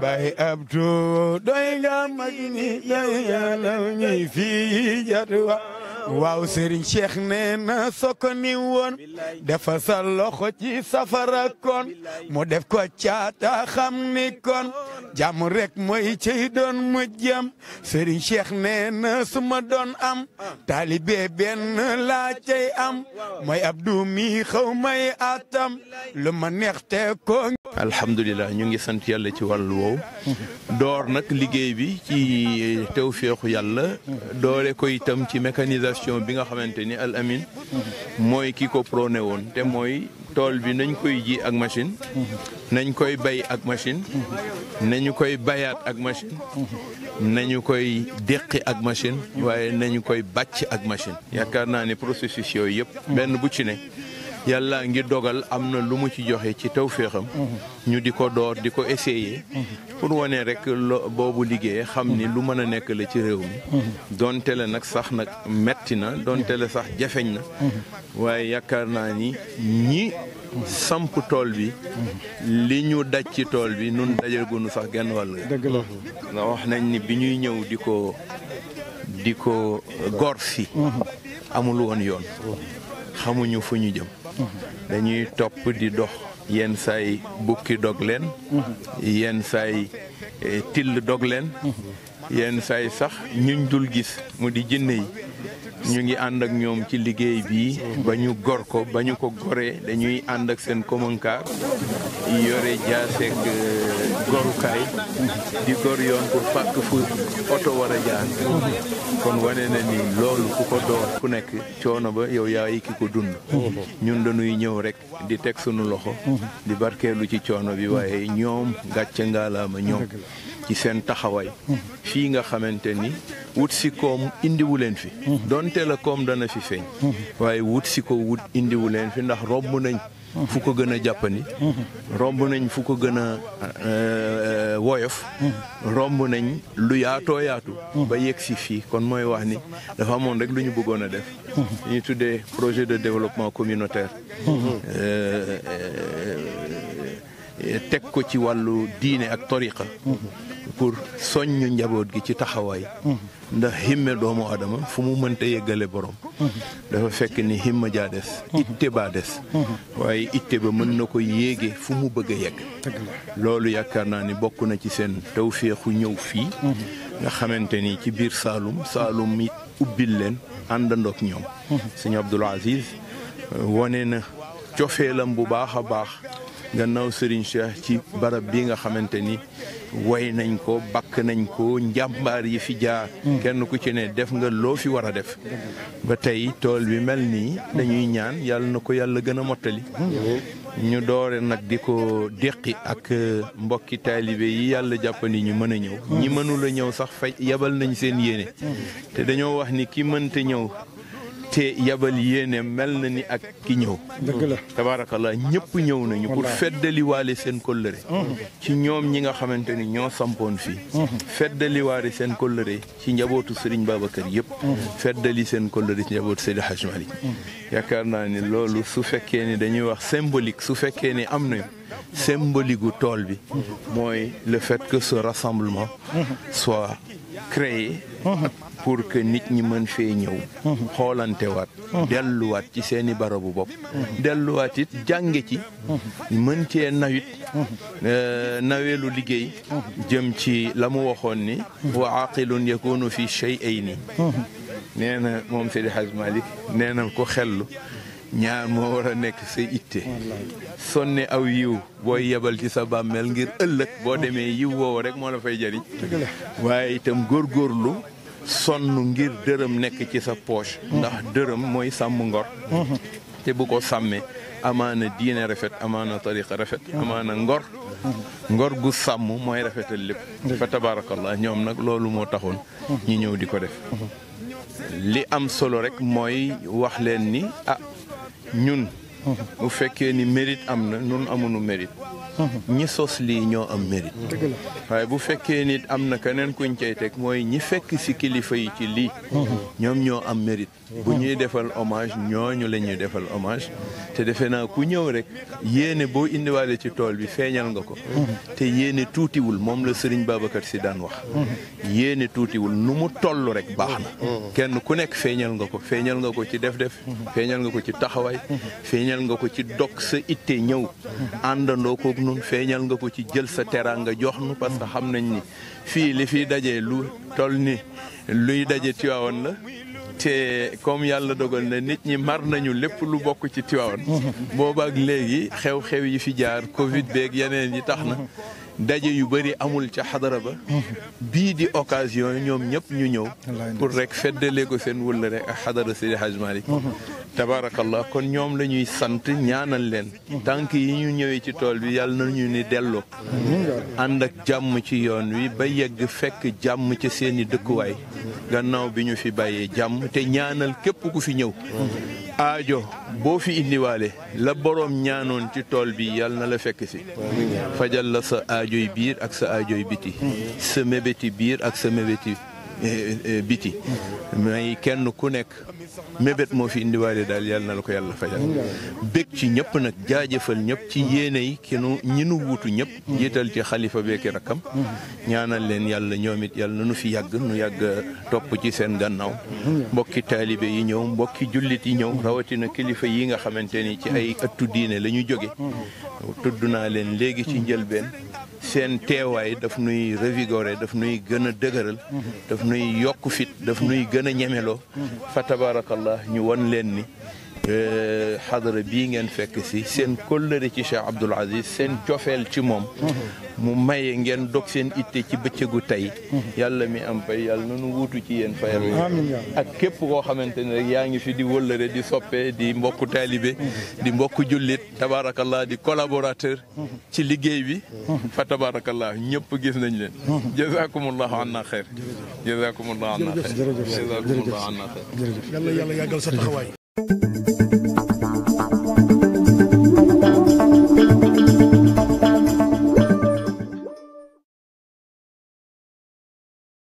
bay abdu doy nga mag ni yàlla ñuy fii jatuwa waaw Serigne Cheikh nee na sokoni won defa sa loxo ci safara kon mo def kwa chata xam ni kon jàmm rekk mooy cey doon mujjam Serigne Cheikh nee na su ma doon am taalibe benn laa cey am mooy Abdou mi xaw may atam lu ma neex te ko. alhamdulilah ñu ngi sant yàlla ci wàllu woowu. door nag liggéey bi ci tawféexu yàlla. doore ko itam ci mécanisation bi nga xamante ni al amin. mooy ki ko prôné woon te mooy. tool bi nañ koy ji ak machine nañ koy bay ak machine nañu koy bayaat ak machine nañu koy déqi ak machine waaye nañu koy bàcc ak machine yaakaar naa ne processus yooyu yëpp benn bu ci ne yàlla ngi dogal am na lu mu ci joxe ci tawféexam mhm. ñu di ko door di ko essayer mhm. pour wane rek boobu liggéey xam ni lu mën a nekk la ci réew mi mhm. donte la nag sax nag metti na donte la sax jafeñ na waaye yaakaar naa ni ñi samp tool bi li ñu daj ci tool bi nun dajagunu sax genn wàll nga wax nañ ni bi ñuy ñëw di ko di ko gor si amul woon yoon xamuñu fu ñu jëm dañuy topp di dox yenn saay bukki dog leen yenn saay e, till dog leen yenn saay sax ñuñ dul gis mu di jinne yi ñu ngi ànd ak ñoom ci liggéey bii ba ñu gor ko ba ñu ko goree dañuy ànd ak seen komankaar yore jaaseeg euh, gorukaay di gor yoon pour fàkk fu oto war a jaar kon wane na ni loolu ku ko door ku nekk coono ba yow yaay ki ko dund ñun dañuy ñëw rek di teg sunu loxo di barkeelu ci coono bi waaye ñoom gàcce ngaalaama ñoom ci seen taxawaay fii nga xamante ni wut si koom indiwu leen fi donte la koom dana fi feeñ waaye wut si ko wut indiwu leen fi ndax romb nañ fu ko gën a jàppandi romb nañ fu ko gën a eh, woyof romb nañ lu yaatoo yaatu ba yegg si fii kon mooy wax ni dafa amoon rek lu ñu bëggoon a def ñu tuddee projet de développement communautaire eh, eh, teg ko ci wàllu diine ak tariqa pour soññ njaboot gi ci taxawaay ndax himme doomu adama fu mu mënta yeggale borom dafa fekk ni himma jaa des itte baa des waaye itte ba mën na ko yéege fu mu bëgg a yegg loolu yaakaar naa ni bokk na ci seen tawféexu ñëw fii nga xamante ni ci biir Saalum Saalum it ubbil leen àndandook ñoom sëñ Abdoul Aziz wone na cofeelam bu baax a baax gannaaw Serigne Cheikh ci barab bi nga xamante ni woy nañ ko bàkk nañ ko njàmbaar yi fi jaar hmm. kenn ku ci ne def nga loo fi war a def ba tey tool bi mel nii dañuy ñaan yàlla na ko yàlla gën a mottali hmm. ñu doore nag di ko déqi ak euh, mbokki taalibe yi yàlla jàppandi ñu mën a ñëw hmm. ñi mënula ñëw sax faj yebal nañ seen yéene te dañoo wax ni ki mënta ñëw te yabal yéene mel na ni ak ki ñëw. dëgg la tabaarakallah ñëpp ñëw nañu. pour feddaliwaale seen kóllëre. Mm-hmm. ci ñoom ñi nga xamante ni ñoo sampoon fii. Mm-hmm. feddaliwaale seen kóllëre ci njabootu Serigne Babacar yëpp. Mm-hmm. feddali seen kóllëre ci njabootu Seydi Hadj yaakaar naa ni loolu su fekkee ne dañuy wax symbolique su fekkee ni am na symbolique tool bi. mooy le fait que ce rassemblement soit créé. pour que nit ñi mën fee ñëw xoolante waat delluwaat ci seeni i barabu bopp delluwaat it jànge ci mën cee nawit naweelu liggéey jëm ci la mu waxoon ni wa aqilun yakunu fi shay'ayni nee na moom Seydi Hadj Malick nee na ko xellu ñaar moo war a nekk sa itte sonne aw yiw booy yebal ci sa bàmmeel ngir ëllëg boo demee yiw woowu rek moo la fay jariñ waaye itam góorgóorlu sonn ngir dërëm nekk ci sa poche. ndax dërëm mooy sàmm ngor. te bu ko sàmmee amaana diine rafet amaana tariqa rafet amaana ngor. ngor gu sàmm mooy rafetal lépp. fa tabaarakallah ñoom nag loolu moo taxoon. ñu ñëw di ko def. li am solo rekk mooy wax leen ni ah ñun. bu fekkee ni mérite am na nun amunu mérite ñi sos lii ñoo am mérite waaye bu fekkee nit am na keneen kuñ cay teg mooy ñi fekk si kilifa yi ci lii ñoom ñoo am mérite bu ñuy defal omage ñooñu la ñuy defal omage te defe naa ku ñëw rek yéene boo indiwaale ci tool bi feeñal nga ko te yéene tuutiwul moom la Serigne Babacar Sy daan wax yéene tuutiwul nu mu toll rek baax na kenn ku nekk feeñal nga ko feeñal nga ko ci def def feeñal nga ko ci taxawaay feeñal nga ko ci dog sa itte ñëw àndandoo koog nun feeñal nga ko ci jël sa teraanga jox nu parce que xam nañ ni fii li fiy dajee lu toll ni luy daje Tiwaawan la te comme yàlla dogal na nit ñi mar nañu lépp lu bokk ci Tiwaawan boobaak léegi xew-xew yi fi jaar Covid beeg yeneen yi tax na daje yu bëri amul ca xadara ba bii di occasion ñoom ñëpp ñu ñëw pour rek feddalee ko seen wëllëre ak xadara Seydi Hadj tabaarakallah kon ñoom la ñuy sant ñaanal leen tànk yi ñu ñëwee ci tool bi yàlla na ñu ni delloo ànd ak jàmm ci yoon wi ba yegg fekk jàmm ci seeni dëkkuwaay gannaaw bi ñu fi bàyyee jàmm te ñaanal képp ku fi ñëw aajo boo fi indiwaale la boroom ñaanoon ci tool bi yàlla na la fekk si fajal la sa aajoy biir ak sa aajoy biti sa mébéti biir ak sa mébéti eh, eh, biti may kenn ku nekk mébét moo fi indiwaale daal yàlla na la ko yàlla fajal bég ci ñëpp nag jaajëfal ñëpp ci yéene yi ki nu ñi nu wuutu ñëpp jiital ci xalifa beeki rakkam ñaanal leen yàlla ñoom it yàlla na nu fi yàgg nu yàgg topp ci seen gannaaw mbokki taalibe yi ñëw mbokki jullit yi ñëw rawatina kilifa yi nga xamante ni ci ay ëttu diine la ñu jóge tudd naa leen léegi ci njëlbeen seen teewaay dafa nuy revigorer daf nuy gën a dëgëral daf nuy yokk fit daf nuy gën a ñemeloo fa tabarakallah ñu won leen ni حضر بين ينفك سي سين كل ريتي شيخ عبد العزيز سين جوفيل تي موم مو ماي نين دوك تاي يالا ام باي يال نونو ووتو ين فاير امين اك كيب كو خامتاني في دي ولر دي سوبي دي موك طالبي دي موك جوليت تبارك الله دي كولابوراتور تي ليغي فتبارك الله نييب غيس نان جزاكم الله عنا خير جزاكم الله عنا خير جزاكم الله عنا خير يلا يلا يا جلسه خواي thank you